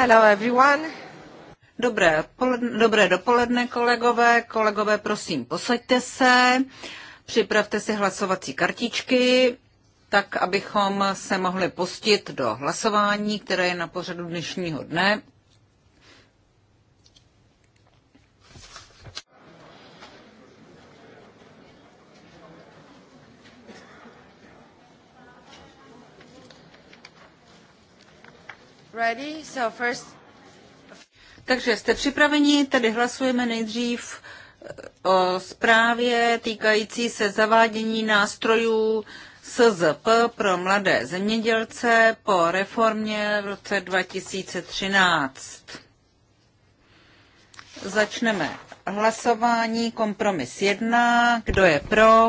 Hello everyone. Dobré, poledne, dobré dopoledne, kolegové. Kolegové, prosím, posaďte se, připravte si hlasovací kartičky, tak abychom se mohli pustit do hlasování, které je na pořadu dnešního dne. Ready? So first... Takže jste připraveni, tedy hlasujeme nejdřív eh, o zprávě týkající se zavádění nástrojů SZP pro mladé zemědělce po reformě v roce 2013. Začneme hlasování, kompromis 1, kdo je pro,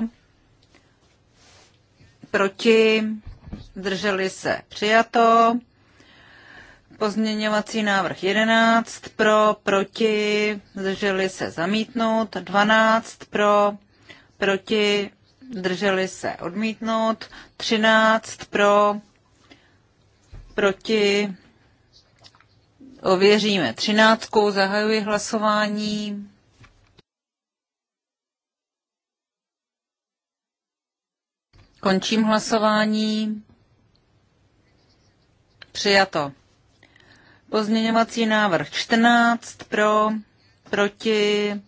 proti, drželi se přijato. Pozměňovací návrh 11 pro, proti, zdrželi se zamítnout. 12 pro, proti, zdrželi se odmítnout. 13 pro, proti, ověříme 13. Zahajuji hlasování. Končím hlasování. Přijato. Pozměňovací návrh 14 pro, proti,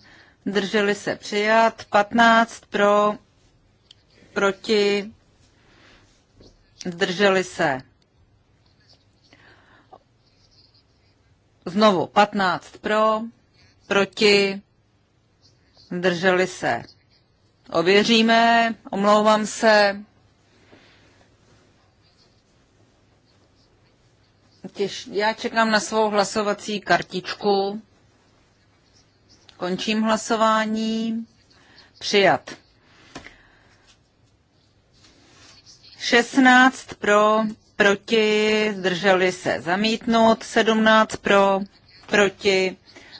drželi se přijat, 15 pro, proti, drželi se. Znovu 15 pro, proti, drželi se. Ověříme, omlouvám se, těž... Já čekám na svou hlasovací kartičku. Končím hlasování. Přijat. 16 pro, proti, zdrželi se zamítnout, 17 pro, proti,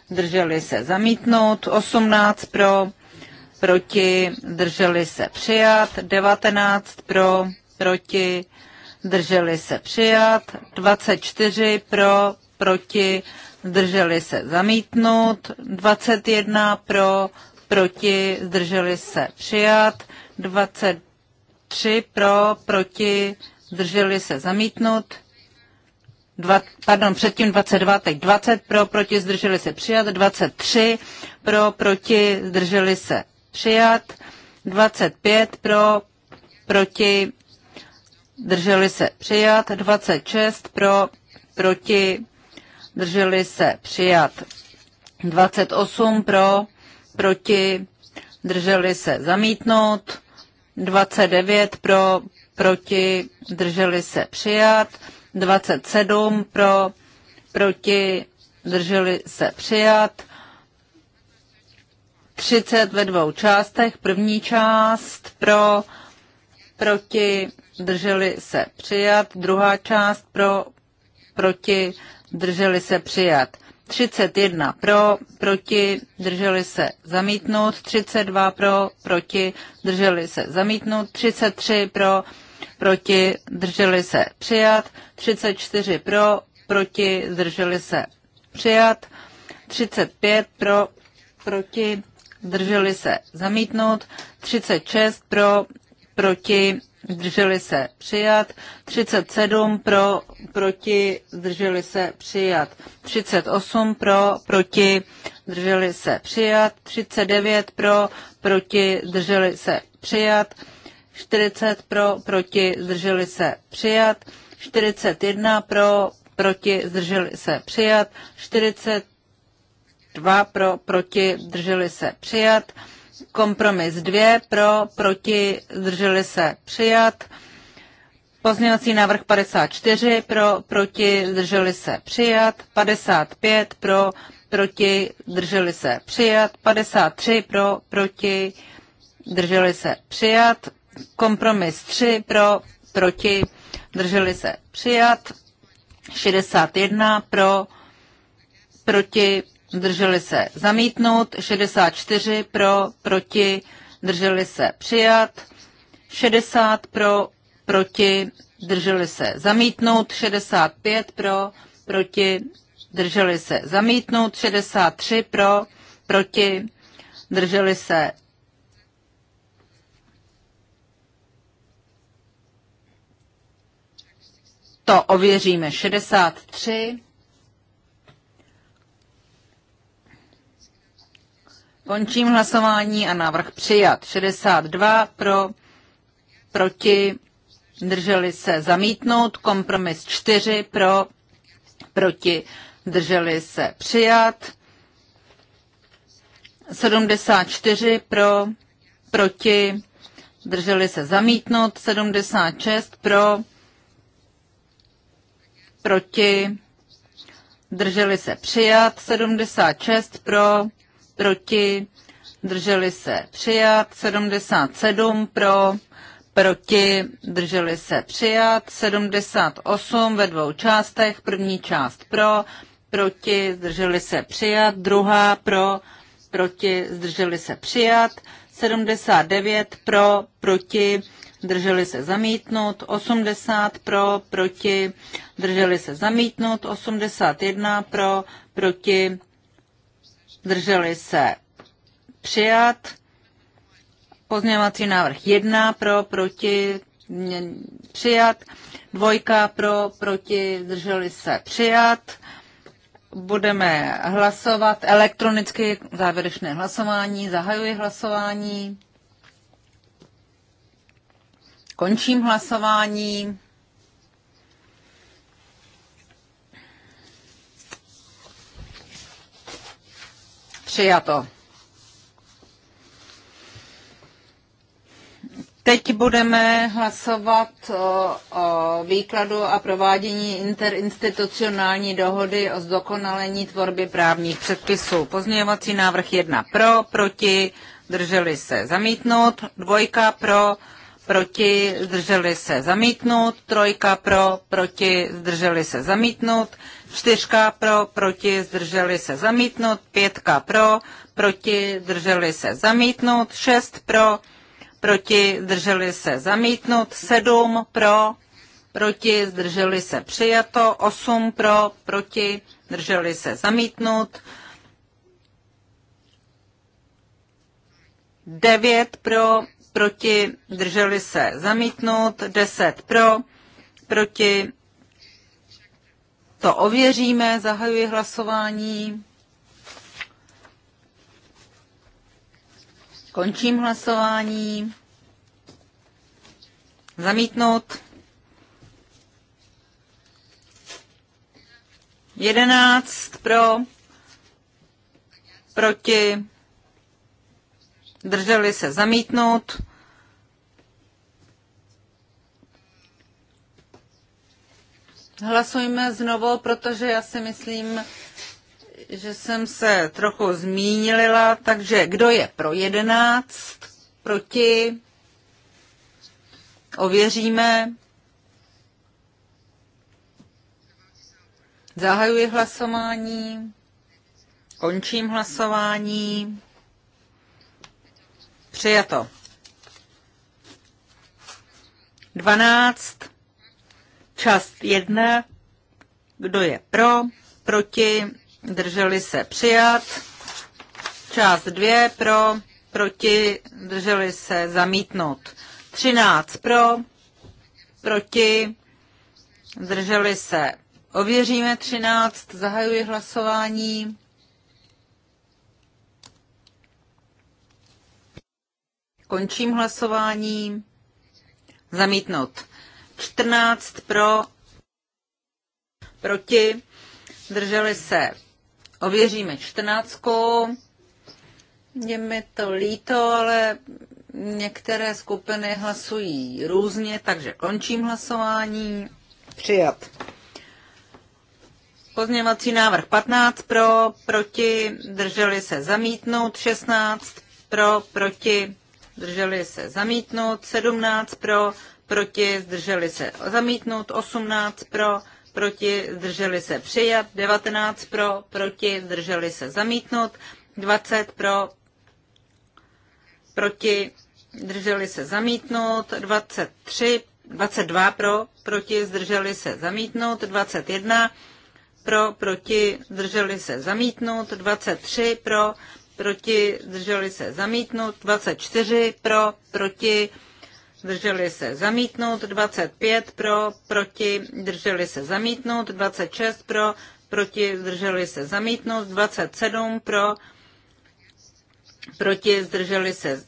zdrželi se zamítnout, 18 pro, proti, zdrželi se přijat, 19 pro, proti, zdrželi se přijat, 24 pro, proti, zdrželi se zamítnout, 21 pro, proti, zdrželi se přijat, 23 pro, proti, zdrželi se zamítnout, dva, pardon, předtím 22, teď 20 pro, proti, zdrželi se přijat, 23 pro, proti, zdrželi se přijat, 25 pro, proti, drželi se přijat, 26 pro, proti, drželi se přijat, 28 pro, proti, drželi se zamítnout, 29 pro, proti, drželi se přijat, 27 pro, proti, drželi se přijat, 30 ve dvou částech, první část pro, proti, drželi se přijat. Druhá část pro, proti, drželi se přijat. 31 pro, proti, drželi se zamítnout, 32 pro, proti, drželi se zamítnout, 33 pro, proti, drželi se přijat, 34 pro, proti, drželi se přijat, 35 pro, proti, drželi se zamítnout, 36 pro, proti, zdrželi se přijat, 37 pro, proti, zdrželi se přijat, 38 pro, proti, zdrželi se přijat, 39 pro, proti, zdrželi se přijat, 40 pro, proti, zdrželi se přijat, 41 pro, proti, zdrželi se přijat, 42 pro, proti, zdrželi se přijat, Kompromis 2 pro, proti, zdrželi se přijat. Pozměňovací návrh 54 pro, proti, zdrželi se přijat. 55 pro, proti, zdrželi se přijat. 53 pro, proti, zdrželi se přijat. Kompromis 3 pro, proti, zdrželi se přijat. 61 pro, proti, zdrželi se zamítnout, 64 pro, proti, zdrželi se přijat, 60 pro, proti, zdrželi se zamítnout, 65 pro, proti, zdrželi se zamítnout, 63 pro, proti, zdrželi se To ověříme 63. Končím hlasování a návrh přijat. 62 pro, proti, drželi se zamítnout, kompromis 4 pro, proti, drželi se přijat, 74 pro, proti, drželi se zamítnout, 76 pro, proti, drželi se přijat, 76 pro, proti, drželi se přijat, 77 pro, proti, drželi se přijat, 78 ve dvou částech, první část pro, proti, zdrželi se přijat, druhá pro, proti, zdrželi se přijat, 79 pro, proti, drželi se zamítnout, 80 pro, proti, drželi se zamítnout, 81 pro, proti, zdrželi se přijat. Pozměňovací návrh 1 pro, proti, přijat. Dvojka pro, proti, zdrželi se přijat. Budeme hlasovat elektronicky závěrečné hlasování. Zahajuji hlasování. Končím hlasování. Přijato. Teď budeme hlasovat o, o výkladu a provádění interinstitucionální dohody o zdokonalení tvorby právních předpisů. Pozměňovací návrh 1 pro, proti, drželi se zamítnout, dvojka pro, proti, zdrželi se zamítnout, trojka pro, proti, zdrželi se zamítnout, čtyřka pro, proti, zdrželi se zamítnout, pětka pro, proti, zdrželi se zamítnout, šest pro, proti, zdrželi se zamítnout, sedm pro, proti, zdrželi se přijato, osm pro, proti, zdrželi se zamítnout, devět pro, proti, drželi se zamítnout, 10 pro, proti, to ověříme, zahajuji hlasování. Končím hlasování. Zamítnout. 11 pro, proti, Drželi se zamítnout. Hlasujme znovu, protože já si myslím, že jsem se trochu zmínila, takže kdo je pro jedenáct, proti, ověříme. Zahajuji hlasování, končím hlasování. Přijato. 12. Část 1. Kdo je pro? Proti? Drželi se přijat. Část 2. Pro? Proti? Drželi se zamítnout. 13. Pro? Proti? Drželi se. Ověříme 13. Zahajuji hlasování. Končím hlasování. Zamítnout. 14 pro, proti, drželi se. Ověříme 14. Je mi to líto, ale některé skupiny hlasují různě, takže končím hlasování. Přijat. Pozměvací návrh 15 pro, proti, drželi se zamítnout, 16 pro, proti, zdrželi se zamítnout, 17 pro, proti, zdrželi se zamítnout, 18 pro, proti, zdrželi se přijat, 19 pro, proti, zdrželi se zamítnout, 20 pro, proti, zdrželi se zamítnout, 23, 22 pro, proti, zdrželi se zamítnout, 21 pro, proti, zdrželi se zamítnout, 23 pro, proti, zdrželi se zamítnout, 24 pro, proti, zdrželi se zamítnout, 25 pro, proti, zdrželi se zamítnout, 26 pro, proti, zdrželi se zamítnout, 27 pro, proti, zdrželi se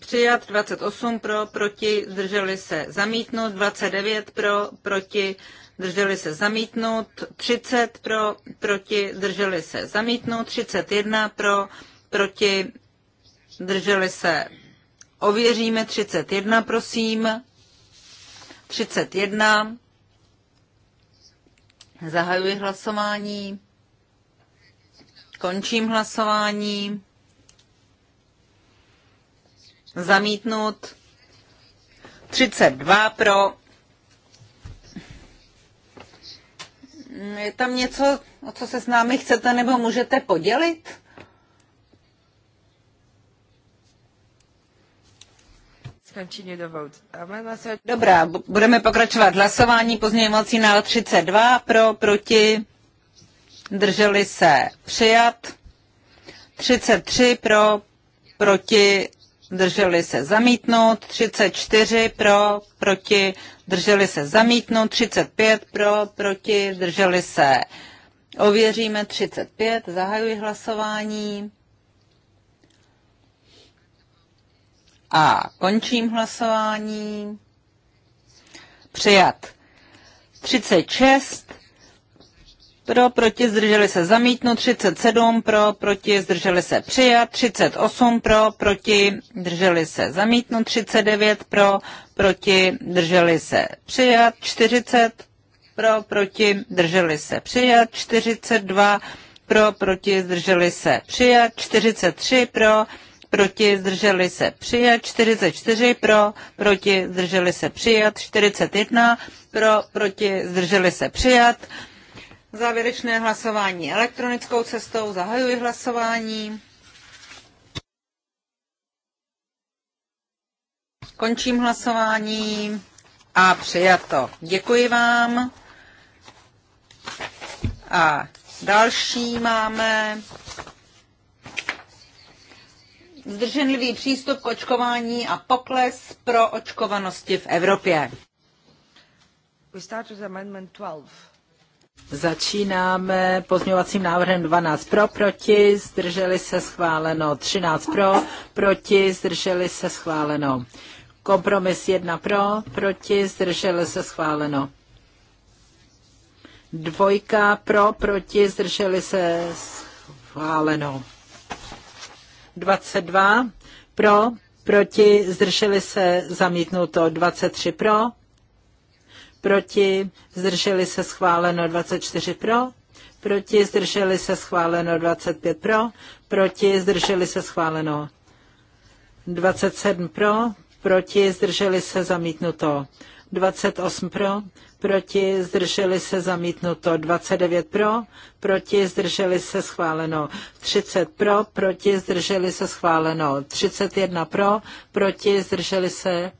přijat, 28 pro, proti, zdrželi se zamítnout, 29 pro, proti, zdrželi se zamítnout, 30 pro, proti, zdrželi se zamítnout, 31 pro, proti, drželi se. Ověříme 31, prosím. 31. Zahajuji hlasování. Končím hlasování. Zamítnut. 32 pro. Je tam něco, o co se s námi chcete nebo můžete podělit? Dobrá, budeme pokračovat hlasování. Pozměňovací na 32 pro, proti, drželi se přijat. 33 pro, proti, drželi se zamítnout. 34 pro, proti, drželi se zamítnout. 35 pro, proti, drželi se. Ověříme 35, zahajuji hlasování. A končím hlasování. Přijat. 36 pro, proti, zdrželi se zamítnu 37 pro, proti, zdrželi se přijat, 38 pro, proti, zdrželi se zamítnu 39 pro, proti, zdrželi se přijat, 40 pro, proti, zdrželi se přijat, 42 pro, proti, zdrželi se přijat, 43 pro, proti, zdrželi se přijat, 44 pro, proti, zdrželi se přijat, 41 pro, proti, zdrželi se přijat. Závěrečné hlasování elektronickou cestou, zahajuji hlasování. Končím hlasování a přijato. Děkuji vám. A další máme zdrženlivý přístup k očkování a pokles pro očkovanosti v Evropě. Začínáme pozměňovacím návrhem 12 pro, proti, zdrželi se schváleno 13 pro, proti, zdrželi se schváleno. Kompromis 1 pro, proti, zdrželi se schváleno. Dvojka pro, proti, zdrželi se schváleno. 22 pro, proti, zdrželi se, zamítnuto 23 pro, proti, zdrželi se, schváleno 24 pro, proti, zdrželi se, schváleno 25 pro, proti, zdrželi se, schváleno 27 pro, proti, zdrželi se, zamítnuto 28 pro, proti, zdrželi se zamítnuto 29 pro, proti, zdrželi se schváleno 30 pro, proti, zdrželi se schváleno 31 pro, proti, zdrželi se.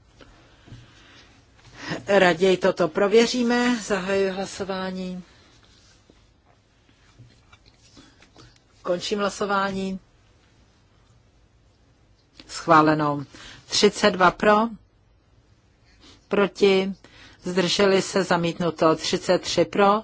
Raději toto prověříme, zahajuji hlasování. Končím hlasování. Schváleno 32 pro, proti, zdrželi se zamítnuto 33 pro,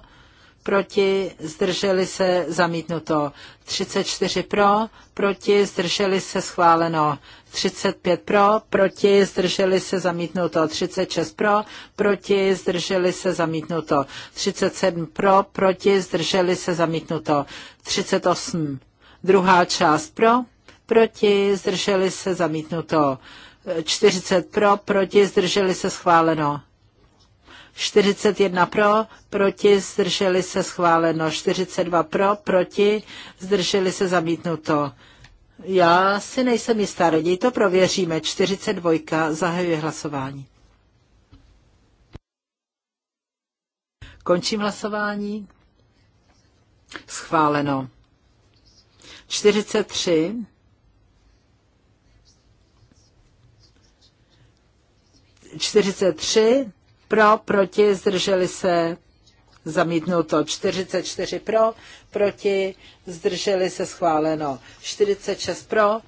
proti, zdrželi se zamítnuto 34 pro, proti, zdrželi se schváleno 35 pro, proti, zdrželi se zamítnuto 36 pro, proti, zdrželi se zamítnuto 37 pro, proti, zdrželi se zamítnuto 38. Druhá část pro, proti, zdrželi se zamítnuto 40 pro, proti, zdrželi se schváleno 41 pro, proti, zdrželi se schváleno. 42 pro, proti, zdrželi se zamítnuto. Já si nejsem jistá, raději to prověříme. 42. Zahajuje hlasování. Končím hlasování. Schváleno. 43. Čtyřicet tři pro, proti, zdrželi se, zamítnuto 44 pro, proti, zdrželi se, schváleno 46 pro,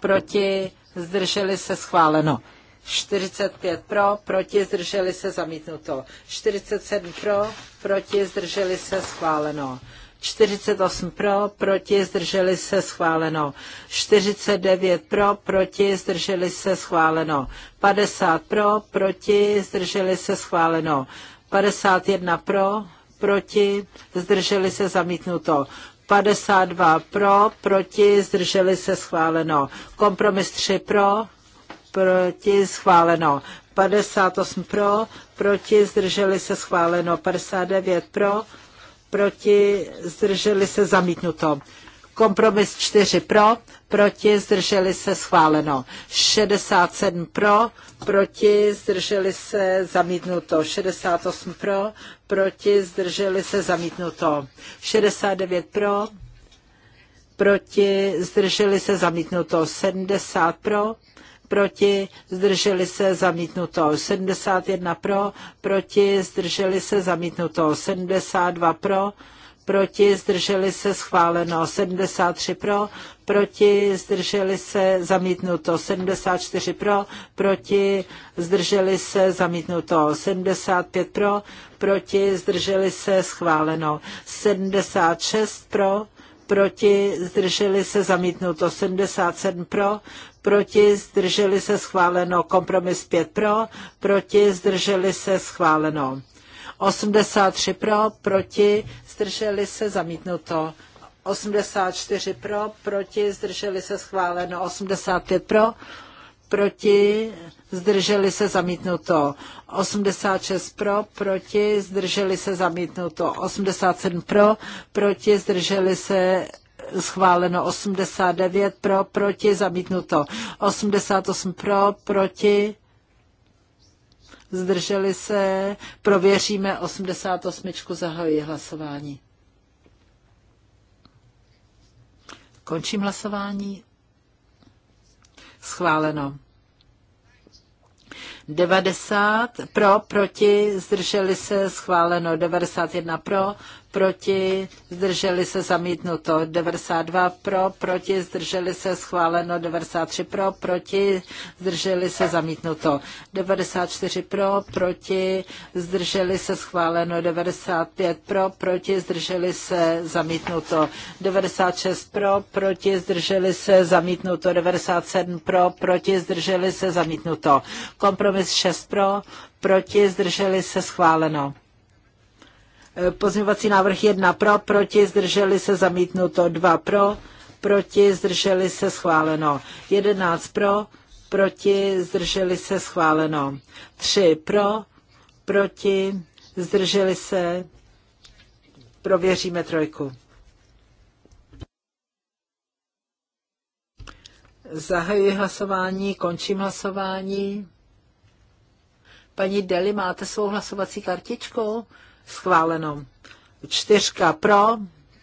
proti, zdrželi se, schváleno 45 pro, proti, zdrželi se, zamítnuto 47 pro, proti, zdrželi se, schváleno 48 pro, proti, zdrželi se schváleno. 49 pro, proti, zdrželi se schváleno. 50 pro, proti, zdrželi se schváleno. 51 pro, proti, zdrželi se zamítnuto. 52 pro, proti, zdrželi se schváleno. Kompromis 3 pro, proti, schváleno. 58 pro, proti, zdrželi se schváleno. 59 pro, proti, zdrželi se zamítnuto. Kompromis 4 pro, proti, zdrželi se schváleno. 67 pro, proti, zdrželi se zamítnuto. 68 pro, proti, zdrželi se zamítnuto. 69 pro, proti, zdrželi se zamítnuto. 70 pro, proti, zdrželi se zamítnuto. 71 pro, proti, zdrželi se zamítnuto. 72 pro, proti, zdrželi se schváleno. 73 pro, proti, zdrželi se zamítnuto. 74 pro, proti, zdrželi se zamítnuto. 75 pro, proti, zdrželi se schváleno. 76 pro, proti, zdrželi se zamítnuto 77 pro, proti zdrželi se schváleno. Kompromis 5 pro, proti zdrželi se schváleno. 83 pro, proti zdrželi se zamítnuto. 84 pro, proti zdrželi se schváleno. 85 pro, proti zdrželi se zamítnuto. 86 pro, proti, zdrželi se zamítnuto. 87 pro, proti, zdrželi se schváleno 89 pro, proti, zamítnuto 88 pro, proti, zdrželi se, prověříme 88, zahojí hlasování. Končím hlasování. Schváleno. 90 pro, proti, zdrželi se, schváleno 91 pro, proti, zdrželi se zamítnuto 92 pro, proti, zdrželi se schváleno 93 pro, proti, zdrželi se zamítnuto 94 pro, proti, zdrželi se schváleno 95 pro, proti, zdrželi se zamítnuto 96 pro, proti, zdrželi se zamítnuto 97 pro, proti, zdrželi se zamítnuto. Kompromis 6 pro, proti, zdrželi se schváleno. Eh, pozměňovací návrh 1 pro, proti, zdrželi se, zamítnuto 2 pro, proti, zdrželi se, schváleno 11 pro, proti, zdrželi se, schváleno 3 pro, proti, zdrželi se, prověříme trojku. Zahajuji hlasování, končím hlasování. Paní Deli, máte svou hlasovací kartičku? schváleno. Čtyřka pro,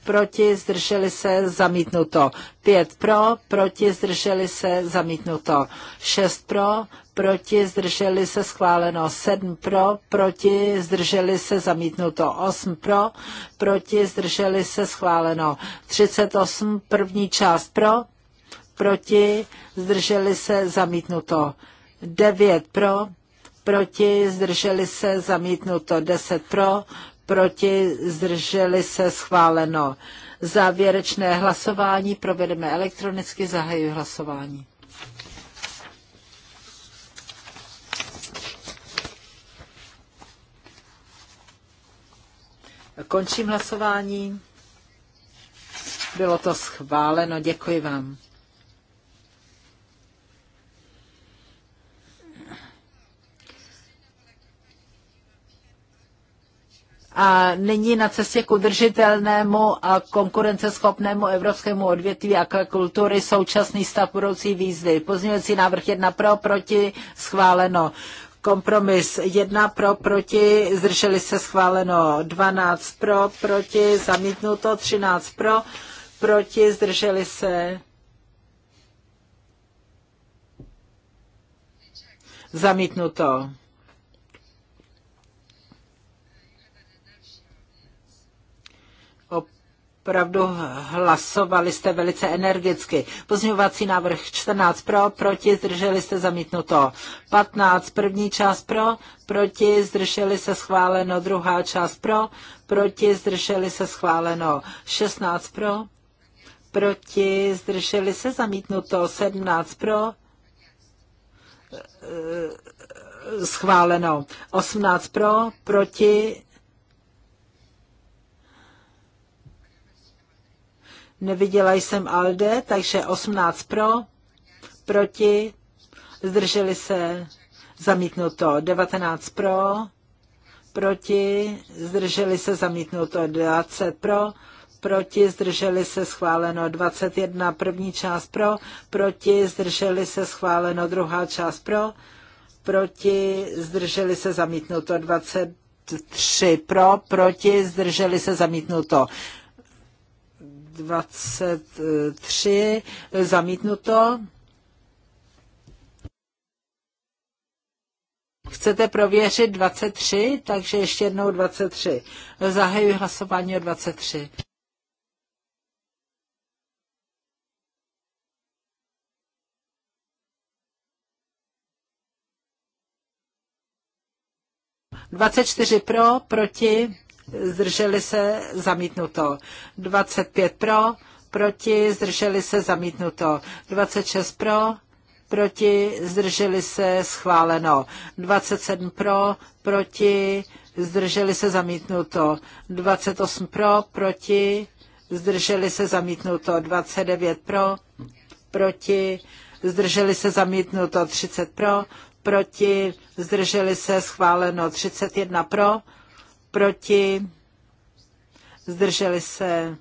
proti, zdrželi se, zamítnuto. Pět pro, proti, zdrželi se, zamítnuto. Šest pro, proti, zdrželi se, schváleno. Sedm pro, proti, zdrželi se, zamítnuto. Osm pro, proti, zdrželi se, schváleno. Třicet osm, první část pro, proti, zdrželi se, zamítnuto. Devět pro, proti, zdrželi se, zamítnuto 10 pro, proti, zdrželi se, schváleno. Závěrečné hlasování provedeme elektronicky, zahajuji hlasování. Končím hlasování. Bylo to schváleno, děkuji vám. a není na cestě k udržitelnému a konkurenceschopnému evropskému odvětví akvakultury současný stav budoucí výzvy. Pozměňovací návrh 1 pro, proti, schváleno. Kompromis 1 pro, proti, zdrželi se schváleno 12 pro, proti, zamítnuto 13 pro, proti, zdrželi se zamítnuto. opravdu hlasovali jste velice energicky. Pozměňovací návrh 14 pro, proti, zdrželi jste zamítnuto. 15 první část pro, proti, zdrželi se schváleno. Druhá část pro, proti, zdrželi se schváleno. 16 pro, proti, zdrželi se zamítnuto. 17 pro, eh, eh, schváleno. 18 pro, proti, Neviděla jsem Alde, takže 18 pro, proti, zdrželi se, zamítnuto. 19 pro, proti, zdrželi se, zamítnuto. 20 pro, proti, zdrželi se schváleno 21, první část pro, proti, zdrželi se schváleno druhá část pro, proti, zdrželi se zamítnuto 23 pro, proti, zdrželi se zamítnuto 23 eh, zamítnuto. Chcete prověřit 23, takže ještě jednou 23. Zahajuji hlasování o 23. Dvacet čtyři pro, proti zdrželi se, zamítnuto. 25 pro, proti, zdrželi se, zamítnuto. 26 pro, proti, zdrželi se, schváleno. 27 pro, proti, zdrželi se, zamítnuto. 28 pro, proti, zdrželi se, zamítnuto. 29 pro, proti, zdrželi se, zamítnuto. 30 pro, proti, zdrželi se, schváleno. 31 pro, proti, zdrželi se,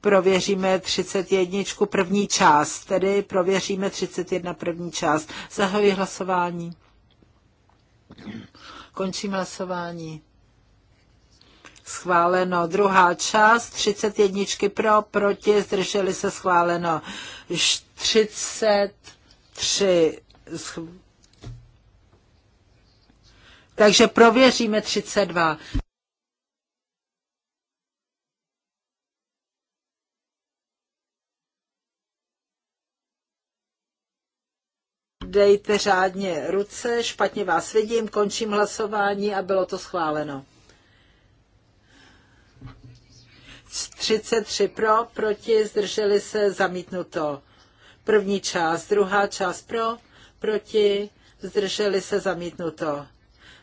prověříme 31 první část, tedy prověříme 31 první část. Zahajuji hlasování. Končím hlasování. Schváleno. Druhá část, 31 pro, proti, zdrželi se schváleno. 33. Schv... Takže prověříme 32. dejte řádně ruce, špatně vás vidím, končím hlasování a bylo to schváleno. 33 pro, proti, zdrželi se, zamítnuto. První část, druhá část pro, proti, zdrželi se, zamítnuto.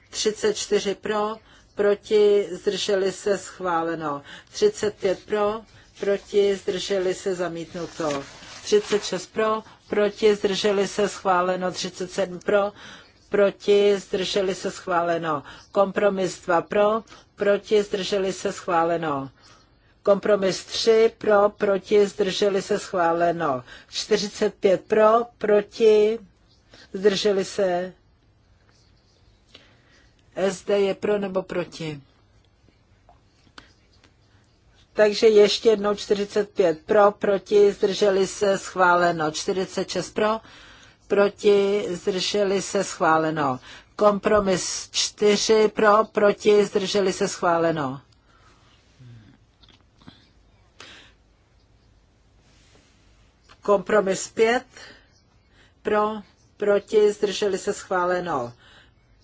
34 pro, proti, zdrželi se, schváleno. 35 pro, proti, zdrželi se, zamítnuto. 36 pro, proti, zdrželi se schváleno 37 pro, proti, zdrželi se schváleno. Kompromis 2 pro, proti, zdrželi se schváleno. Kompromis 3 pro, proti, zdrželi se schváleno. 45 pro, proti, zdrželi se. SD je pro nebo proti? Takže ještě jednou 45 pro, proti, zdrželi se, schváleno. 46 pro, proti, zdrželi se, schváleno. Kompromis 4 pro, proti, zdrželi se, schváleno. Kompromis 5 pro, proti, zdrželi se, schváleno.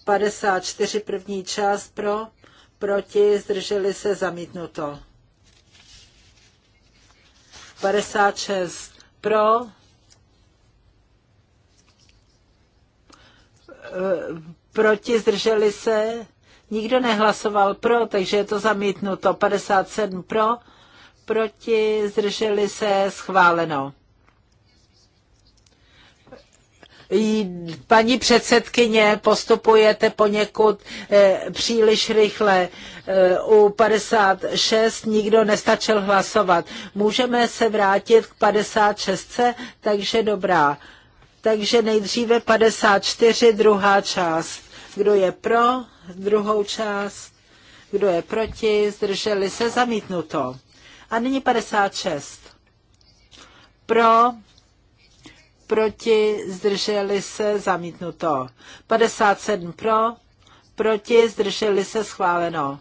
54 první část pro, proti, zdrželi se, zamítnuto. 56 pro, eh, proti, zdrželi se, nikdo nehlasoval pro, takže je to zamítnuto, 57 pro, proti, zdrželi se, schváleno. Paní předsedkyně, postupujete poněkud eh, příliš rychle. Eh, u 56 nikdo nestačil hlasovat. Můžeme se vrátit k 56, takže dobrá. Takže nejdříve 54, druhá část. Kdo je pro druhou část? Kdo je proti? Zdrželi se? Zamítnuto. A nyní 56. Pro, proti, zdrželi se, zamítnuto. 57 pro, proti, zdrželi se, schváleno.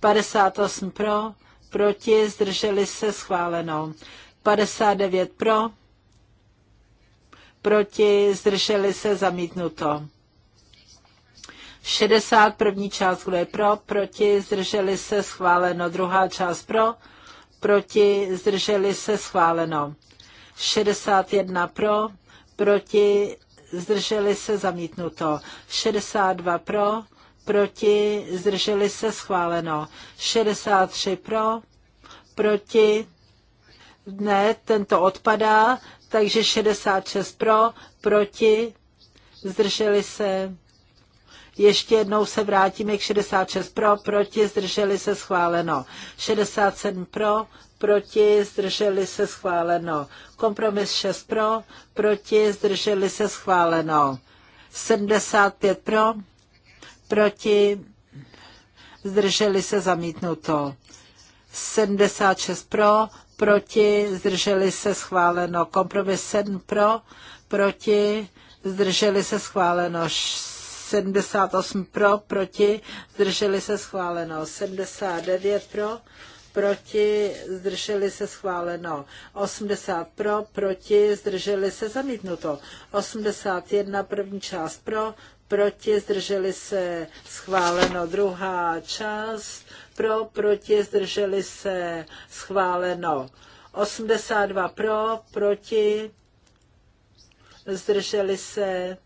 58 pro, proti, zdrželi se, schváleno. 59 pro, proti, zdrželi se, zamítnuto. 60 první část, kdo je pro, proti, zdrželi se, schváleno. Druhá část pro, proti, zdrželi se, schváleno. 61 pro, proti, zdrželi se zamítnuto. 62 pro, proti, zdrželi se schváleno. 63 pro, proti, ne, tento odpadá, takže 66 pro, proti, zdrželi se. Ještě jednou se vrátíme k 66 pro, proti, zdrželi se schváleno. 67 pro, proti, zdrželi se schváleno. Kompromis 6 pro, proti, zdrželi se schváleno. 75 pro, proti, zdrželi se zamítnuto. 76 pro, proti, zdrželi se schváleno. Kompromis 7 pro, proti, zdrželi se schváleno. 78 pro, proti, zdrželi se schváleno. 79 pro, proti, zdrželi se schváleno. 80 pro, proti, zdrželi se zamítnuto. 81 první část pro, proti, zdrželi se schváleno. Druhá část pro, proti, zdrželi se schváleno. 82 pro, proti, zdrželi se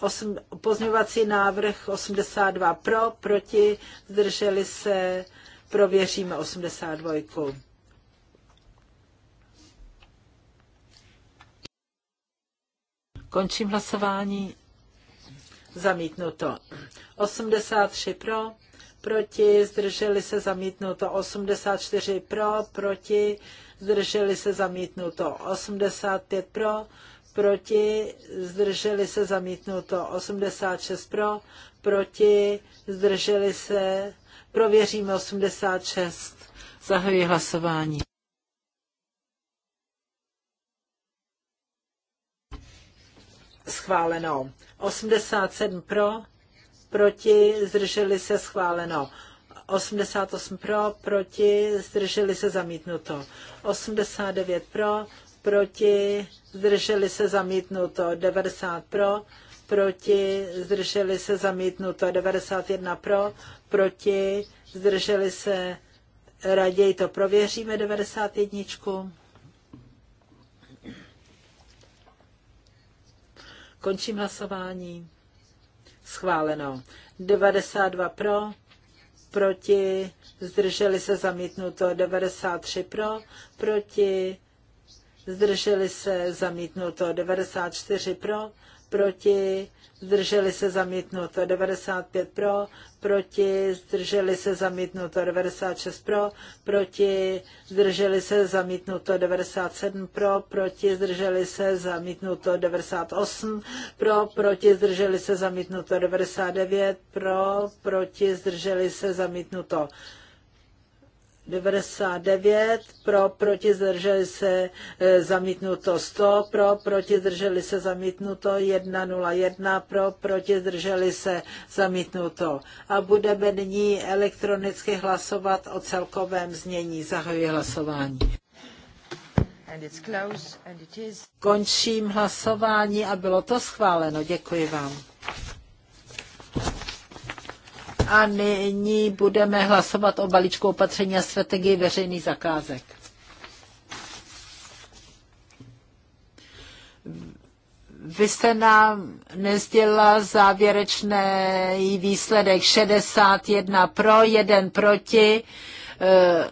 osm, pozměvací návrh 82 pro, proti, zdrželi se prověříme 82. Končím hlasování. Zamítnuto. 83 pro, proti, zdrželi se zamítnuto. 84 pro, proti, zdrželi se zamítnuto. 85 pro, proti, zdrželi se zamítnuto. 86 pro, proti, zdrželi se Prověříme 86. Zahajuji hlasování. Schváleno. 87 pro, proti, zdrželi se schváleno. 88 pro, proti, zdrželi se zamítnuto. 89 pro, proti, zdrželi se zamítnuto. 90 pro, proti, zdrželi se zamítnuto, 91 pro, proti, zdrželi se, raději to prověříme, 91. Končím hlasování. Schváleno. 92 pro, proti, zdrželi se zamítnuto, 93 pro, proti, zdrželi se zamítnuto, 94 pro, proti, zdrželi se zamítnuto 95 pro, proti, zdrželi se zamítnuto 96 pro, proti, zdrželi se zamítnuto 97 pro, proti, zdrželi se zamítnuto 98 pro, proti, zdrželi se zamítnuto 99 pro, proti, zdrželi se zamítnuto 99 e, pro, proti zdrželi se zamítnuto 100 pro, proti zdrželi se zamítnuto 101 pro, proti zdrželi se zamítnuto. A budeme nyní elektronicky hlasovat o celkovém znění. Zahajuji hlasování. And it's close and it is... Končím hlasování a bylo to schváleno. Děkuji vám a nyní budeme hlasovat o balíčku opatření a strategii veřejných zakázek. Vy jste nám nezdělila závěrečný výsledek 61 pro, 1 proti, e,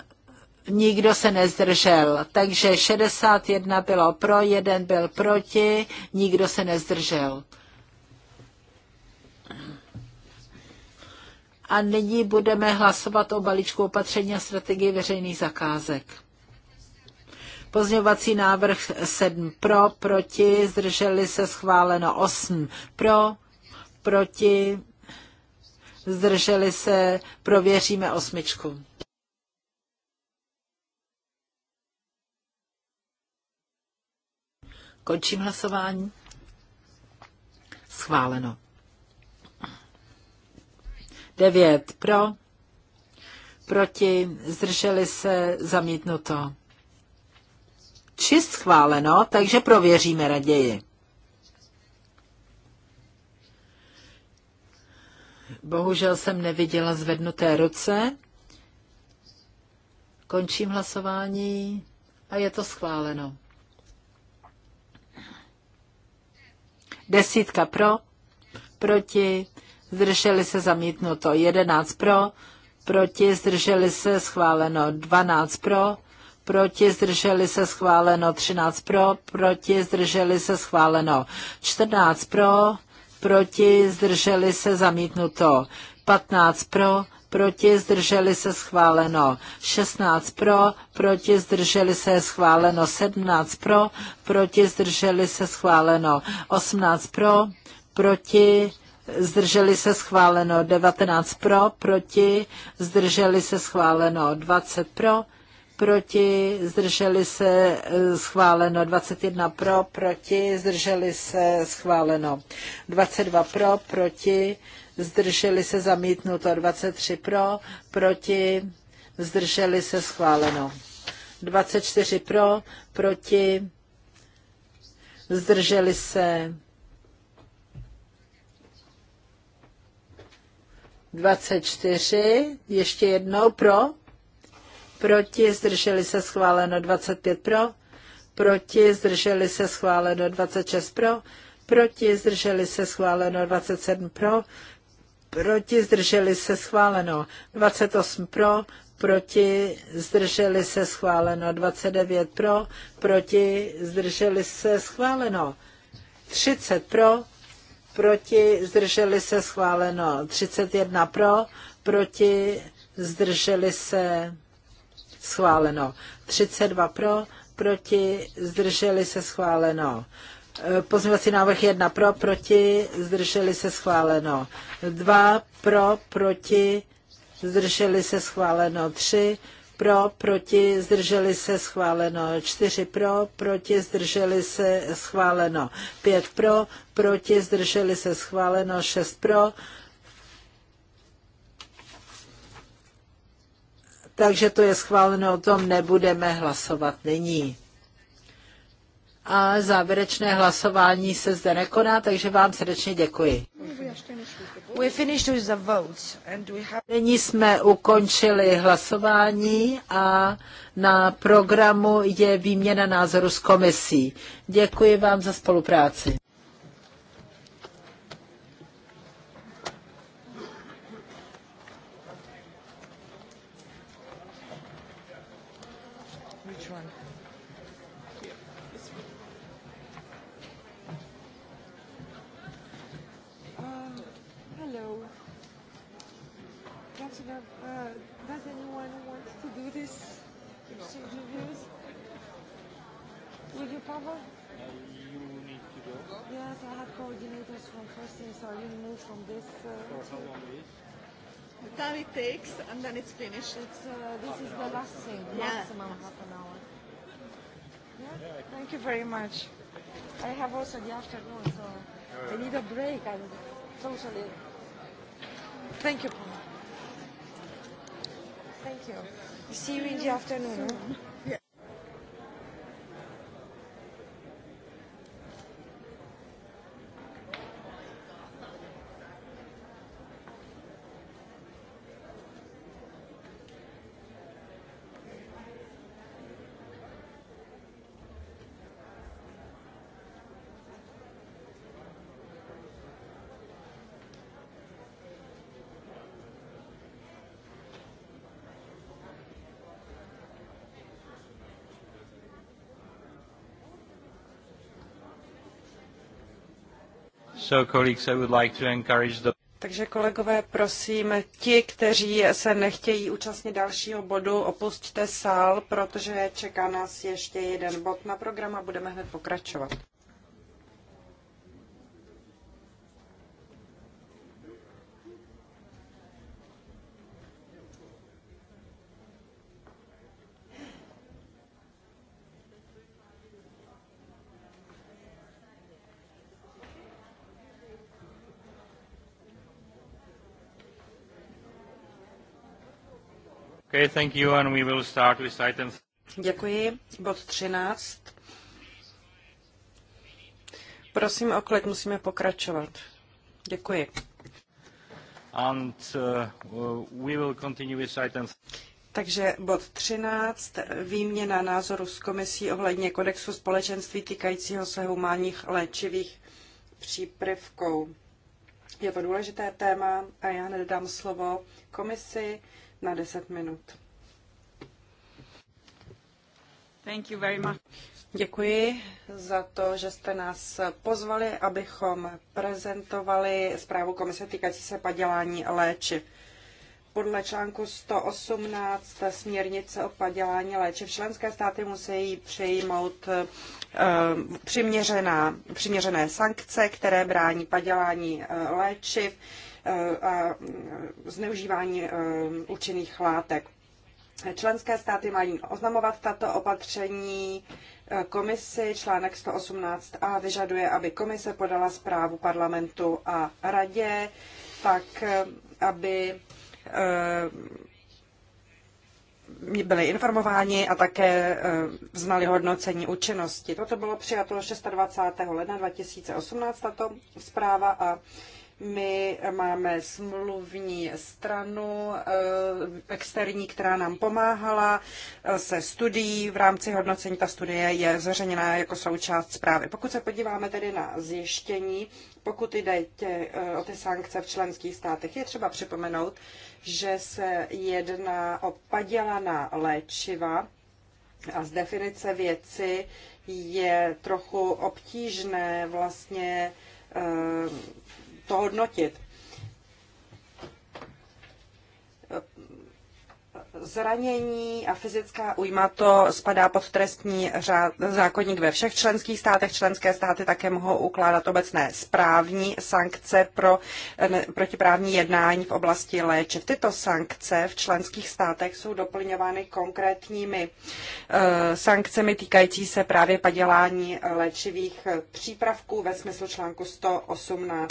nikdo se nezdržel. Takže 61 bylo pro, 1 byl proti, nikdo se nezdržel. a nyní budeme hlasovat o balíčku opatření a strategii veřejných zakázek. Pozměňovací návrh 7 pro, proti, zdrželi se schváleno 8 pro, proti, zdrželi se, prověříme osmičku. Končím hlasování. Schváleno. 9 pro, proti, zdrželi se, zamítnuto. Či schváleno, takže prověříme raději. Bohužel jsem neviděla zvednuté ruce. Končím hlasování a je to schváleno. Desítka pro, proti, zdrželi se zamítnuto 11 pro, proti zdrželi se schváleno 12 pro, proti zdrželi se schváleno 13 pro, proti zdrželi se schváleno 14 pro, proti zdrželi se zamítnuto 15 pro, proti zdrželi se schváleno 16 pro, proti zdrželi se schváleno 17 pro, proti zdrželi se schváleno 18 pro, proti zdrželi se schváleno 19 pro, proti, zdrželi se schváleno 20 eh, pro, proti, zdrželi se schváleno 21 pro, proti, zdrželi se schváleno 22 pro, proti, zdrželi se zamítnuto 23 pro, proti, zdrželi se schváleno 24 pro, proti, zdrželi se 24, ještě jednou pro, proti, zdrželi se schváleno 25 pro, proti, zdrželi se schváleno 26 pro, proti, zdrželi se schváleno 27 pro, proti, zdrželi se schváleno 28 pro, proti, zdrželi se schváleno 29 pro, proti, zdrželi se schváleno 30 pro, proti, zdrželi se schváleno 31 pro, proti, zdrželi se schváleno 32 pro, proti, zdrželi se schváleno. E, pozměňovací návrh 1 pro, proti, zdrželi se schváleno. 2 pro, proti, zdrželi se schváleno. 3 pro, proti, zdrželi se, schváleno. čtyři pro, proti, zdrželi se, schváleno. pět pro, proti, zdrželi se, schváleno. šest pro. Takže to je schváleno, o tom nebudeme hlasovat nyní a závěrečné hlasování se zde nekoná, takže vám srdečně děkuji. Nyní jsme ukončili hlasování a na programu je výměna názoru s komisí. Děkuji vám za spolupráci. time it takes, and then it's finished. It's, uh, this is the last thing, yeah. maximum half an hour. Yeah? Thank you very much. I have also the afternoon, so I need a break. I'm totally. Thank you, Paul. Thank you. See you in the afternoon. Soon. So, colleagues, I would like to encourage the... Takže kolegové, prosím, ti, kteří se nechtějí účastnit dalšího bodu, opusťte sál, protože čeká nás ještě jeden bod na program a budeme hned pokračovat. Okay, thank you, and we will start with item... Děkuji. Bod 13. Prosím o klid, musíme pokračovat. Děkuji. And uh, we will continue with item... Takže bod 13, výměna názoru s komisí ohledně kodexu společenství týkajícího se humánních léčivých přípravků. Je to důležité téma a já hned dám slovo komisi na 10 minut. Thank you very much. Děkuji za to, že jste nás pozvali, abychom prezentovali zprávu komise týkající se padělání léčiv. Podle článku 118 směrnice o padělání léčiv členské státy musí přijmout eh, přiměřená, přiměřené sankce, které brání padělání eh, léčiv a zneužívání účinných e, látek. Členské státy mají oznamovat tato opatření e, komisi. Článek 118a vyžaduje, aby komise podala zprávu parlamentu a radě, tak e, aby byli informováni a také znali hodnocení účinnosti. Toto bylo přijato 26. ledna 2018, tato zpráva a my máme smluvní stranu eh, externí, která nám pomáhala eh, se studií. V rámci hodnocení ta studie je zveřejněna jako součást zprávy. Pokud se podíváme tedy na zjištění, pokud jde tě, eh, o ty sankce v členských státech, je třeba připomenout, že se jedná o padělaná léčiva a z definice věci je trochu obtížné vlastně to hodnotit. Zranění a fyzická újma to spadá pod trestní řád, zákonník ve všech členských státech. Členské státy také mohou ukládat obecné správní sankce pro ne, protiprávní jednání v oblasti léčiv. Tyto sankce v členských státech jsou doplňovány konkrétními e, sankcemi týkající se právě padělání léčivých přípravků ve smyslu článku 118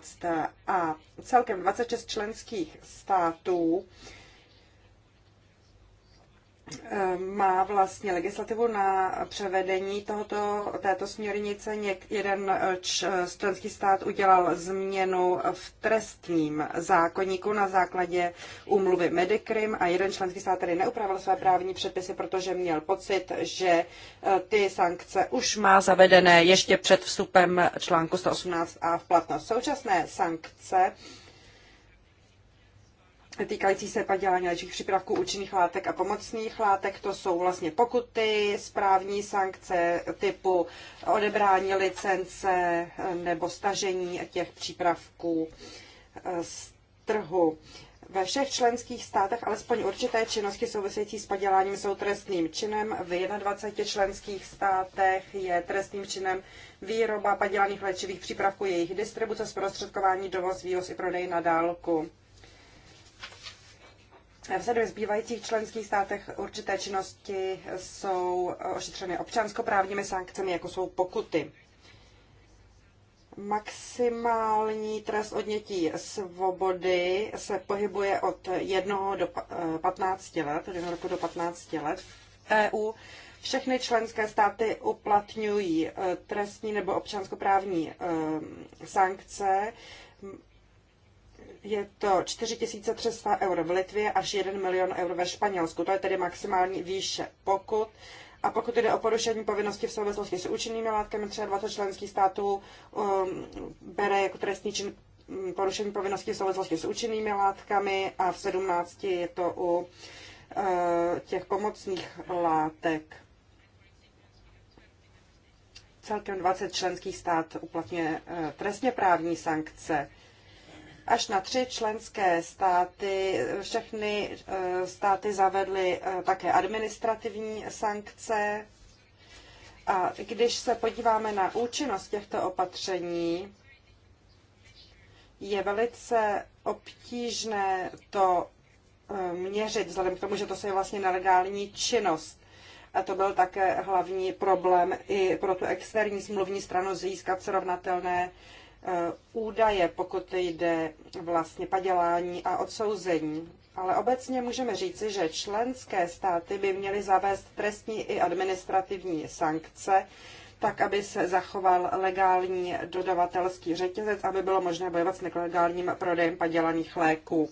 a celkem 26 členských států Eh, má vlastně legislativu na převedení tohoto, této směrnice. Něk, jeden eh, eh, členský stát udělal změnu v trestním zákonníku na základě úmluvy Medicrim a jeden členský stát tedy neupravil své právní předpisy, protože měl pocit, že ty sankce už má zavedené ještě před vstupem článku 118a v platnost. Současné sankce týkající se padělání léčivých přípravků, účinných látek a pomocných látek. To jsou vlastně pokuty, správní sankce typu odebrání licence nebo stažení těch přípravků eh, z trhu. Ve všech členských státech alespoň určité činnosti související s paděláním jsou trestným činem. V 21 členských státech je trestným činem výroba padělaných léčivých přípravků, jejich distribuce, zprostředkování, dovoz, vývoz i prodej na dálku. V sedmi zbývajících členských státech určité činnosti jsou ošetřeny občanskoprávními sankcemi, jako jsou pokuty. Maximální trest odnětí svobody se pohybuje od 1 do 15 eh, let, od 1 roku do 15 let. V EU všechny členské státy uplatňují eh, trestní nebo občanskoprávní eh, sankce je to 4300 eur v Litvě až 1 milion eur ve Španělsku. To je tedy maximální výše pokud. A pokud jde o porušení povinnosti v souvislosti s účinnými látkami, třeba 20 členských států um, bere jako trestný čin mm, porušení povinnosti v souvislosti s účinnými látkami a v 17 je to u uh, těch pomocných látek. Celkem 20 členských států uplatňuje uh, trestně právní sankce až na tři členské státy. Všechny eh, státy zavedly eh, také administrativní sankce. A když se podíváme na účinnost těchto opatření, je velice obtížné to eh, měřit, vzhledem k tomu, že to je vlastně nelegální činnost. A to byl také hlavní problém i pro tu externí smluvní stranu získat srovnatelné uh, Eh, údaje, pokud jde vlastně padělání a odsouzení. Ale obecně můžeme říci, že členské státy by měly zavést trestní i administrativní sankce, tak aby se zachoval legální dodavatelský řetězec, aby bylo možné bojovat s nelegálním prodejem padělaných léků.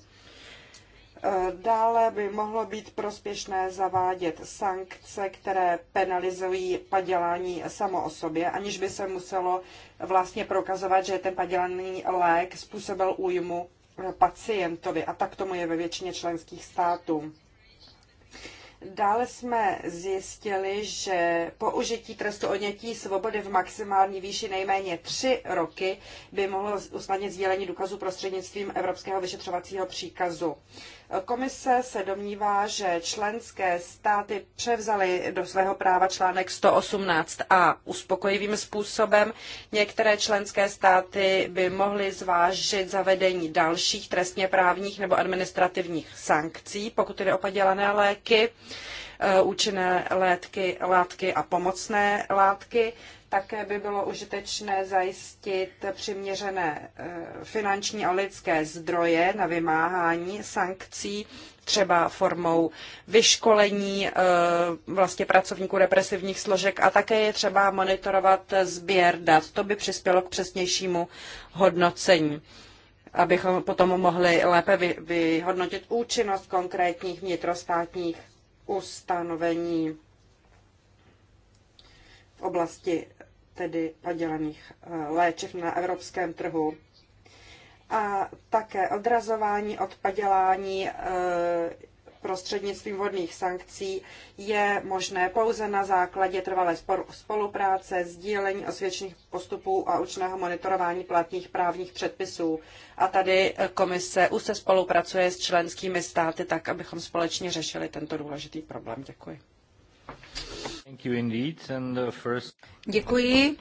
Dále by mohlo být prospěšné zavádět sankce, které penalizují padělání samo o sobě, aniž by se muselo vlastně prokazovat, že ten padělaný lék způsobil újmu pacientovi. A tak tomu je ve většině členských států. Dále jsme zjistili, že použití trestu odnětí svobody v maximální výši nejméně tři roky by mohlo usnadnit sdílení důkazu prostřednictvím Evropského vyšetřovacího příkazu. Komise se domnívá, že členské státy převzaly do svého práva článek 118a uspokojivým způsobem. Některé členské státy by mohly zvážit zavedení dalších trestně právních nebo administrativních sankcí, pokud jde o padělané léky. Eh, účinné látky, látky a pomocné látky. Také by bylo užitečné zajistit přiměřené eh, finanční a lidské zdroje na vymáhání sankcí, třeba formou vyškolení eh, vlastně pracovníků represivních složek a také je třeba monitorovat sběr dat. To by přispělo k přesnějšímu hodnocení abychom potom mohli lépe vyhodnotit účinnost konkrétních vnitrostátních ustanovení v oblasti tedy padělaných eh, léčiv na evropském trhu a také odrazování od padělání eh, prostřednictvím vodných sankcí je možné pouze na základě trvalé spolupráce, sdílení osvědčených postupů a účinného monitorování platných právních předpisů. A tady eh, komise už se spolupracuje s členskými státy tak, abychom společně řešili tento důležitý problém. Děkuji. Uh, Děkuji.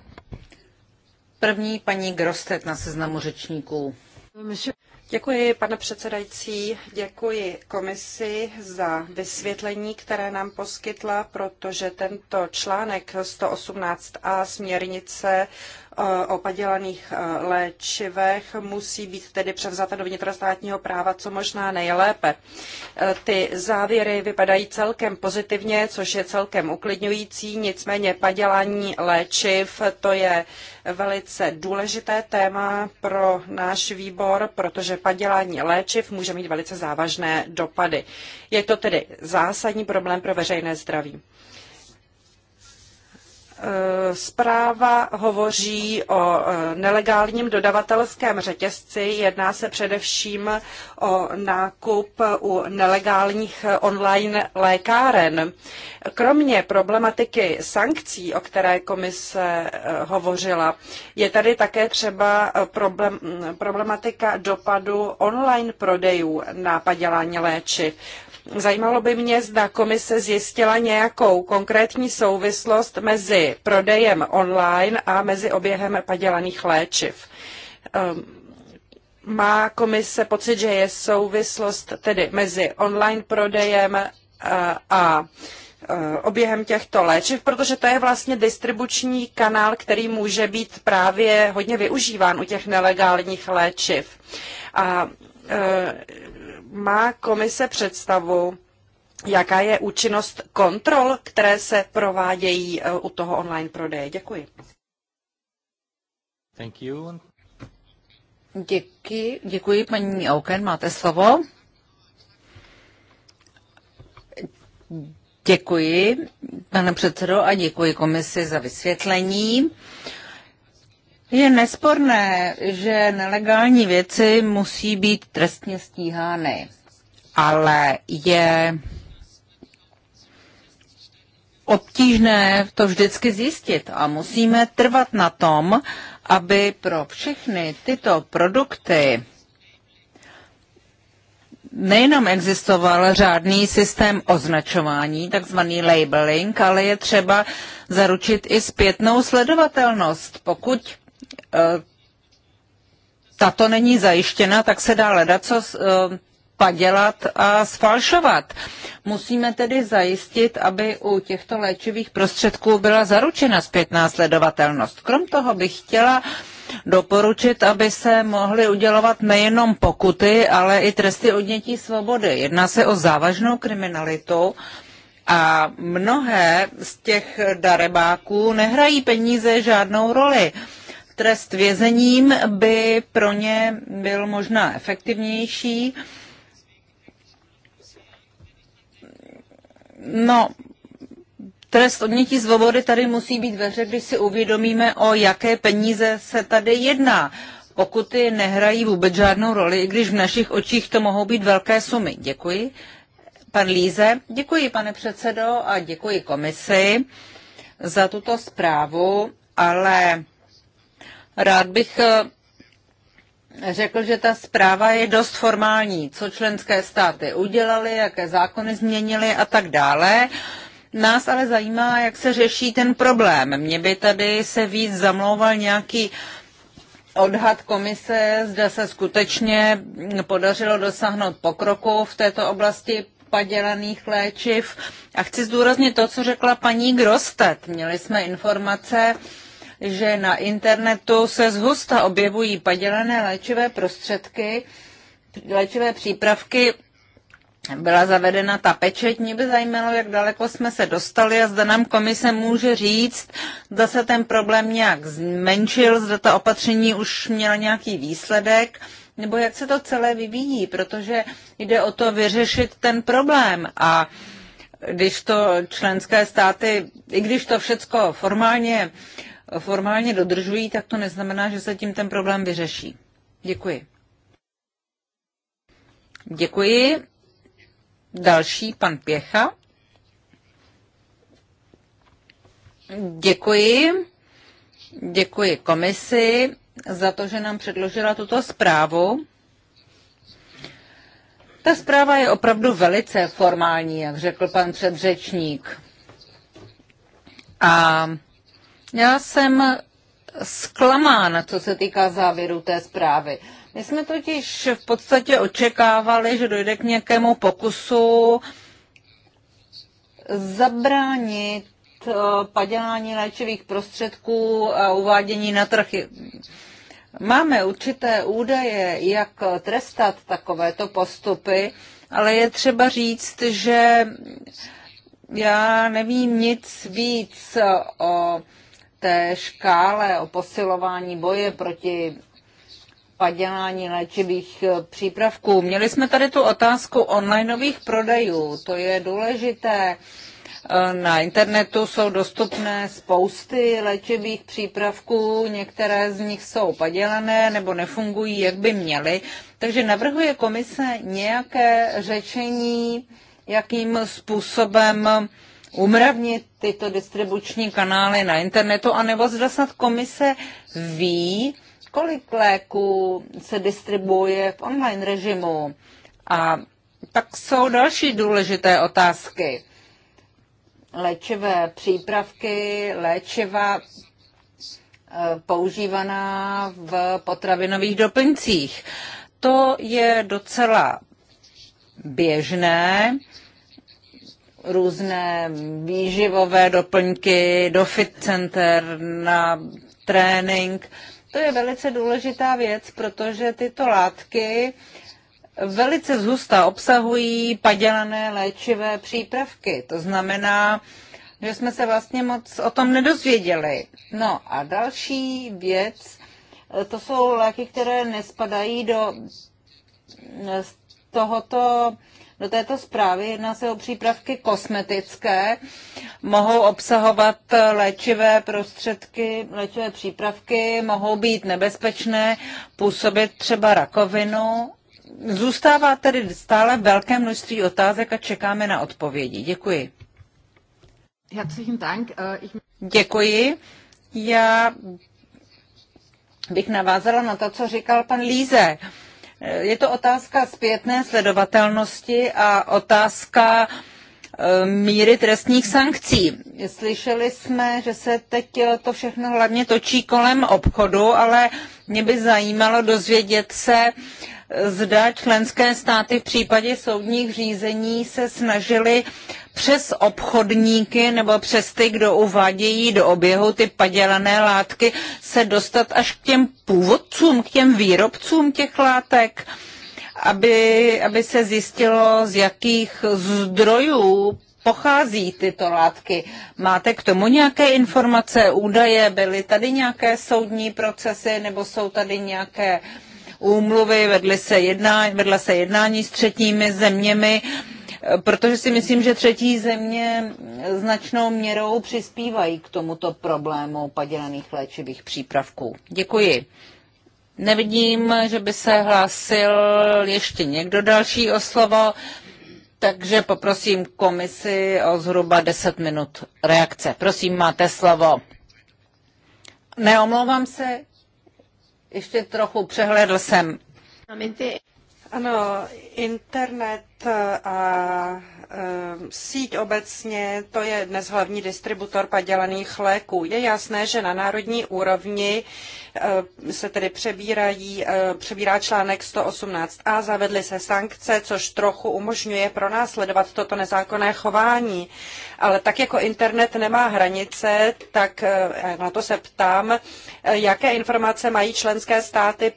První paní Grostet na seznamu řečníků. Monsieur... Děkuji, pane předsedající, děkuji komisi za vysvětlení, které nám poskytla, protože tento článek 118a směrnice Eh, o padělaných eh, léčivech musí být tedy převzata do vnitrostátního práva co možná nejlépe. Eh, ty závěry vypadají celkem pozitivně, což je celkem uklidňující, nicméně padělání léčiv to je velice důležité téma pro náš výbor, protože padělání léčiv může mít velice závažné dopady. Je to tedy zásadní problém pro veřejné zdraví. Eh, zpráva hovoří o eh, nelegálním dodavatelském řetězci. Jedná se především o nákup u nelegálních eh, online lékáren. Kromě problematiky sankcí, o které komise hovořila, je tady také třeba mm, problematika dopadu online prodejů na padělání léčiv. Zajímalo by mě, zda komise zjistila nějakou konkrétní souvislost mezi prodejem online a mezi oběhem padělaných léčiv. Ehm, má komise pocit, že je souvislost tedy mezi online prodejem eh, a eh, oběhem těchto léčiv, protože to je vlastně distribuční kanál, který může být právě hodně využíván u těch nelegálních léčiv. A eh, má komise představu, jaká je účinnost kontrol, které se provádějí eh, u toho online prodeje? Děkuji. Thank you. Děkuji, děkuji paní Auken, máte slovo. Děkuji, pane předsedo, a děkuji komisi za vysvětlení. Je nesporné, že nelegální věci musí být trestně stíhány, ale je obtížné to vždycky zjistit a musíme trvat na tom, aby pro všechny tyto produkty nejenom existoval řádný systém označování, takzvaný labeling, ale je třeba zaručit i zpětnou sledovatelnost. Pokud Eh, tato není zajištěna, tak se dá hledat, co eh, padělat a sfalšovat. Musíme tedy zajistit, aby u těchto léčivých prostředků byla zaručena zpětná sledovatelnost. Krom toho bych chtěla doporučit, aby se mohly udělovat nejenom pokuty, ale i tresty odnětí svobody. Jedná se o závažnou kriminalitu a mnohé z těch darebáků nehrají peníze žádnou roli trest vězením by pro ně byl možná efektivnější. No, trest odnětí svobody tady musí být ve hře, když si uvědomíme, o jaké peníze se tady jedná. Pokuty nehrají vůbec žádnou roli, i když v našich očích to mohou být velké sumy. Děkuji. Pan Líze, děkuji pane předsedo a děkuji komisi za tuto zprávu, ale Rád bych eh, řekl, že ta zpráva je dost formální, co členské státy udělali, jaké zákony změnili a tak dále. Nás ale zajímá, jak se řeší ten problém. Mě by tady se víc zamlouval nějaký odhad komise, zda se skutečně podařilo dosáhnout pokroku v této oblasti padělaných léčiv. A chci zdůraznit to, co řekla paní Grostet. Měli jsme informace, že na internetu se zhusta objevují padělené léčivé prostředky, léčivé přípravky. Byla zavedena ta pečeť. Mě by zajímalo, jak daleko jsme se dostali a zda nám komise může říct, zda se ten problém nějak zmenšil, zda ta opatření už měla nějaký výsledek nebo jak se to celé vyvíjí, protože jde o to vyřešit ten problém a když to členské státy, i když to všecko formálně formálně dodržují, tak to neznamená, že se tím ten problém vyřeší. Děkuji. Děkuji. Další, pan Pěcha. Děkuji. Děkuji komisi za to, že nám předložila tuto zprávu. Ta zpráva je opravdu velice formální, jak řekl pan předřečník. A já jsem zklamán, co se týká závěru té zprávy. My jsme totiž v podstatě očekávali, že dojde k nějakému pokusu zabránit eh, padělání léčivých prostředků a uvádění na trh. Máme určité údaje, jak trestat takovéto postupy, ale je třeba říct, že já nevím nic víc o té škále o posilování boje proti padělání léčivých eh, přípravků. Měli jsme tady tu otázku onlineových prodejů. To je důležité. Eh, na internetu jsou dostupné spousty léčivých přípravků, některé z nich jsou padělané nebo nefungují, jak by měly. Takže navrhuje komise nějaké řečení, jakým způsobem umravnit tyto distribuční kanály na internetu, anebo zda snad komise ví, kolik léků se distribuuje v online režimu. A tak jsou další důležité otázky. Léčivé přípravky, léčiva eh, používaná v potravinových doplňcích. To je docela běžné různé výživové doplňky do fit center, na trénink. To je velice důležitá věc, protože tyto látky velice zhusta obsahují padělané léčivé přípravky. To znamená, že jsme se vlastně moc o tom nedozvěděli. No a další věc, to jsou léky, které nespadají do tohoto do této zprávy. Jedná se o přípravky kosmetické, mohou obsahovat léčivé prostředky, léčivé přípravky, mohou být nebezpečné, působit třeba rakovinu. Zůstává tedy stále velké množství otázek a čekáme na odpovědi. Děkuji. Äh, Děkuji. Já bych navázala na to, co říkal pan Líze. Je to otázka zpětné sledovatelnosti a otázka míry trestních sankcí. Slyšeli jsme, že se teď to všechno hlavně točí kolem obchodu, ale mě by zajímalo dozvědět se, zda členské státy v případě soudních řízení se snažili přes obchodníky nebo přes ty, kdo uvádějí do oběhu ty padělané látky, se dostat až k těm původcům, k těm výrobcům těch látek aby, aby se zjistilo, z jakých zdrojů pochází tyto látky. Máte k tomu nějaké informace, údaje? Byly tady nějaké soudní procesy nebo jsou tady nějaké úmluvy, vedly se jednání, vedla se jednání s třetími zeměmi? Protože si myslím, že třetí země značnou měrou přispívají k tomuto problému padělaných léčivých přípravků. Děkuji. Nevidím, že by se hlásil ještě někdo další o slovo, takže poprosím komisi o zhruba 10 minut reakce. Prosím, máte slovo. Neomlouvám se, ještě trochu přehlédl jsem. Ano, internet a Ehm, síť obecně, to je dnes hlavní distributor padělaných léků. Je jasné, že na národní úrovni ehm, se tedy přebírají, ehm, přebírá článek 118a, zavedly se sankce, což trochu umožňuje pronásledovat toto nezákonné chování. Ale tak jako internet nemá hranice, tak na to se ptám, jaké informace mají členské státy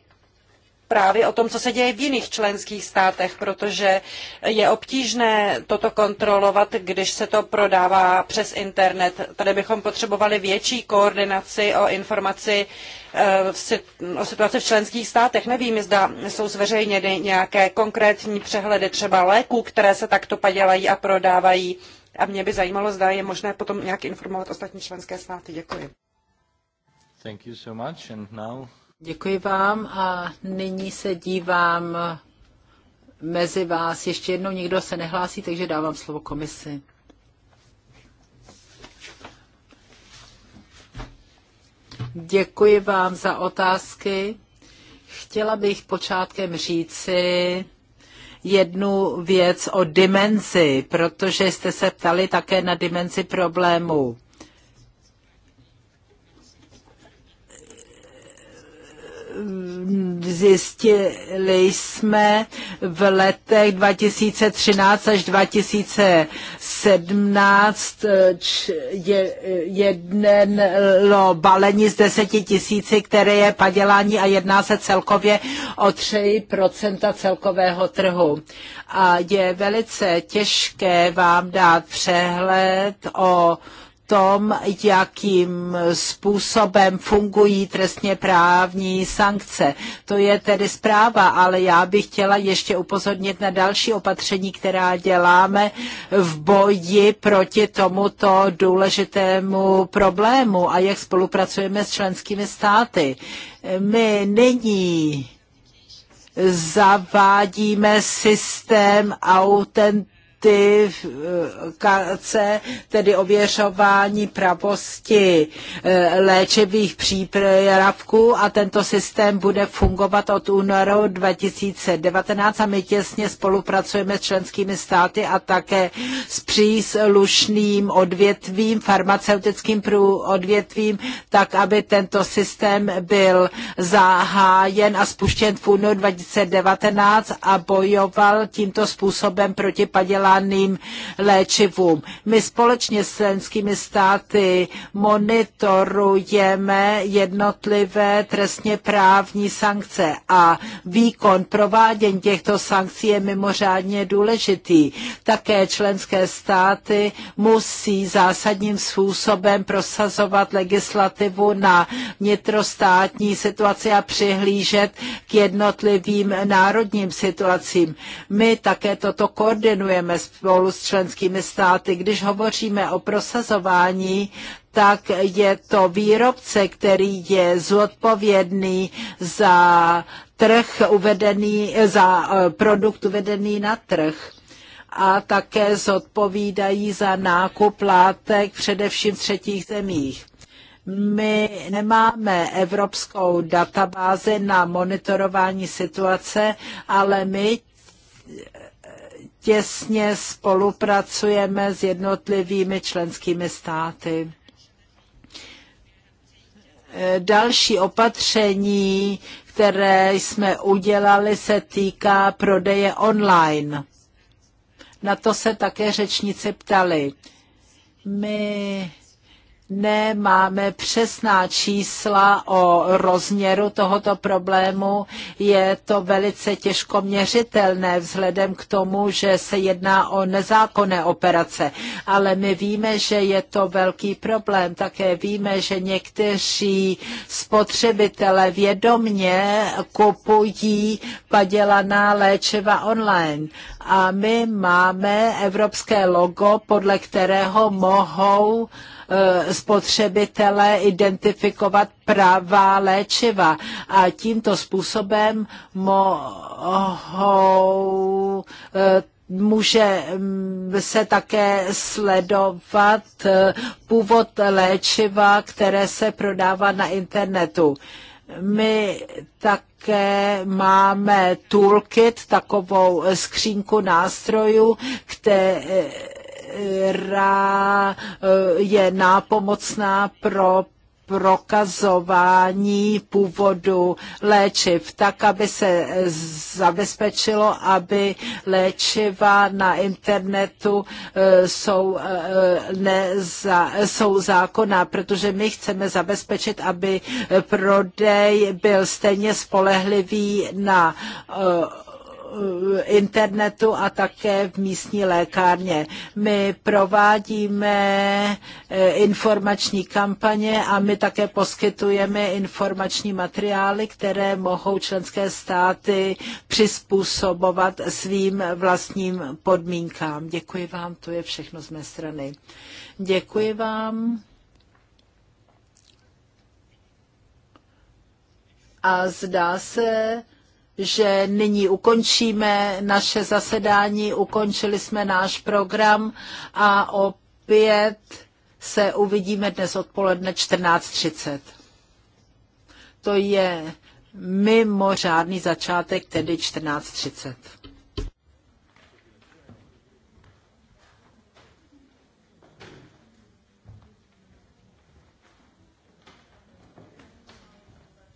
zprávy o tom, co se děje v jiných členských státech, protože je obtížné toto kontrolovat, když se to prodává přes internet. Tady bychom potřebovali větší koordinaci o informaci eh, o situaci v členských státech. Nevím, zda jsou zveřejněny nějaké konkrétní přehledy třeba léků, které se takto padělají a prodávají. A mě by zajímalo, zda je možné potom nějak informovat ostatní členské státy. Děkuji. Thank you so much and now Děkuji vám a nyní se dívám mezi vás. Ještě jednou nikdo se nehlásí, takže dávám slovo komisi. Děkuji vám za otázky. Chtěla bych počátkem říci jednu věc o dimenzi, protože jste se ptali také na dimenzi problému. zjistili jsme v letech 2013 až 2017 eh, je jeden balení z deseti tisíci, které je padělání a jedná se celkově o 3% celkového trhu. A je velice těžké vám dát přehled o tom, jakým způsobem fungují trestně právní sankce. To je tedy zpráva, ale já bych chtěla ještě upozornit na další opatření, která děláme v boji proti tomuto důležitému problému a jak spolupracujeme s členskými státy. My nyní zavádíme systém autent Eh, kace tedy ověřování pravosti eh, léčivých přípravků a tento systém bude fungovat od února 2019 a my těsně spolupracujeme s členskými státy a také s příslušným odvětvím, farmaceutickým odvětvím, tak aby tento systém byl zahájen a spuštěn v únoru 2019 a bojoval tímto způsobem proti padělání žádným léčivům. My společně s členskými státy monitorujeme jednotlivé trestně právní sankce a výkon provádění těchto sankcí je mimořádně důležitý. Také členské státy musí zásadním způsobem prosazovat legislativu na vnitrostátní situaci a přihlížet k jednotlivým národním situacím. My také toto koordinujeme spolu s členskými státy. Když hovoříme o prosazování, tak je to výrobce, který je zodpovědný za trh uvedený, za eh, produkt uvedený na trh a také zodpovídají za nákup látek především v třetích zemích. My nemáme evropskou databázi na monitorování situace, ale my těsně spolupracujeme s jednotlivými členskými státy. Další opatření, které jsme udělali, se týká prodeje online. Na to se také řečníci ptali. My nemáme přesná čísla o rozměru tohoto problému, je to velice těžko měřitelné vzhledem k tomu, že se jedná o nezákonné operace. Ale my víme, že je to velký problém. Také víme, že někteří spotřebitele vědomně kupují padělaná léčiva online. A my máme evropské logo, podle kterého mohou E, spotřebitele identifikovat pravá léčiva a tímto způsobem mohou e, může se také sledovat e, původ léčiva, které se prodává na internetu. My také máme toolkit, takovou skřínku nástrojů, které která eh, je nápomocná pro prokazování původu léčiv, tak, aby se zabezpečilo, aby léčiva na internetu eh, jsou, eh, neza, jsou zákonná, protože my chceme zabezpečit, aby prodej byl stejně spolehlivý na Eh, internetu a také v místní lékárně. My provádíme eh, informační kampaně a my také poskytujeme informační materiály, které mohou členské státy přizpůsobovat svým vlastním podmínkám. Děkuji vám, to je všechno z mé strany. Děkuji vám. A zdá se, že nyní ukončíme naše zasedání, ukončili jsme náš program a opět se uvidíme dnes odpoledne 14.30. To je mimořádný začátek, tedy 14.30.